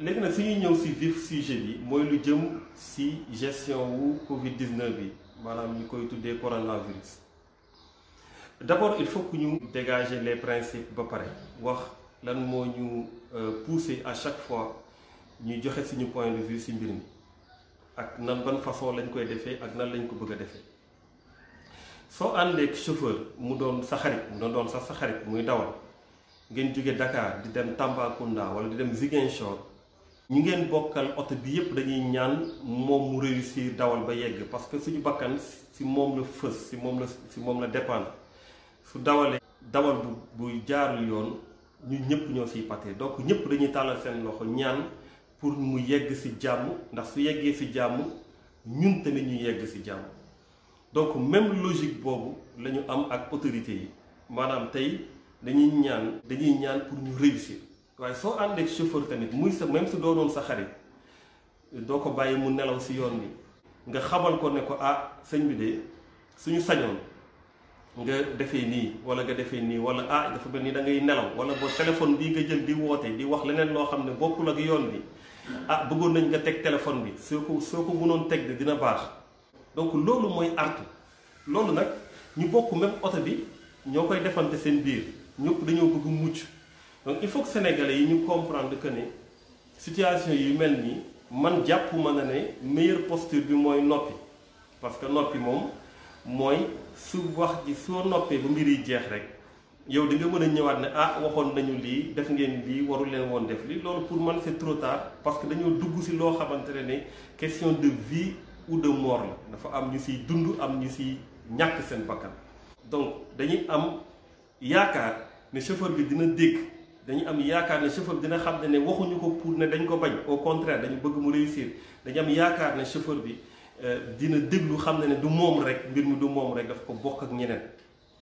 léegi nag suñuy ñëw si vif sujet bi mooy lu jëm si gestion wu Covid 19 bi maanaam ñu koy tuddee coronavirus d' abord il faut ñu dégager les principes ba pare wax lan moo ñu euh, pousser à chaque fois ñu joxe suñu point de vue si mbir mi ak nan ban façon lañ koy defee ak nan lañ ko bëgg a defee soo àndeek chauffeur mu doon sa xarit mu doon doon sax sa xarit muy dawal ngeen jóge Dakar di dem Tambacounda wala di dem Ziguinchor. ñu ngeen bokkal oto bi yépp dañuy ñaan moom mu réussir dawal ba yegg parce que suñu bakkan si moom la fës si moom la si moom la dépendre su dawalee dawal bu bu jaarul yoon ñu ñëpp ñoo siy pate donc ñëpp dañuy tàllal seen loxo ñaan pour mu yegg si jàmm ndax su yeggee si jàmm ñun tamit ñu yegg si jàmm donc même logique boobu la ñu am ak autorité yi maanaam tey dañuy ñaan dañuy ñaan pour ñu réussir waaye soo àndeek chauffeur tamit muy sa même su doonoon sa xarit doo ko bàyyi mu nelaw si yoon bi nga xamal ko ne ko ah sëñ bi de suñu sañoon nga defee nii wala nga defee nii wala ah dafa mel ni da ngay nelaw wala boo téléphone bii nga jël di woote di wax leneen loo xam ne bokkul ak yoon bi ah bëggoon nañ nga teg téléphone bi soo ko soo ko mënoon teg de dina baax donc loolu mooy artu loolu nag ñu bokk même oto bi ñoo koy defante seen biir ñu dañoo bëgg mucc donc il faut que sénégalais yi ñu comprendre que ne situation yu mel nii man jàpp na ne meilleure posture bi mooy noppi parce que noppi moom mooy su wax ji soo noppee ba mbir yi jeex rek yow di nga mën a ñëwaat ne ah waxoon nañu lii def ngeen lii waru leen woon def lii loolu pour man seen trop parce que dañoo dugg ci loo xamante ne ne question de vie ou de mort la dafa am ñu ciy dund am ñu ciy ñàkk seen bakkan donc dañuy am yaakaar ne chauffeur bi dina dégg. dañu am yaakaar ne chauffeur bi dina xam ne ne waxuñu ko pour ne dañ ko bañ au contraire dañu bëgg mu réussir dañu am yaakaar ne chauffeur bi euh, dina déglu xam ne ne du moom rek mbir mi du moom rek daf ko bokk ak ñeneen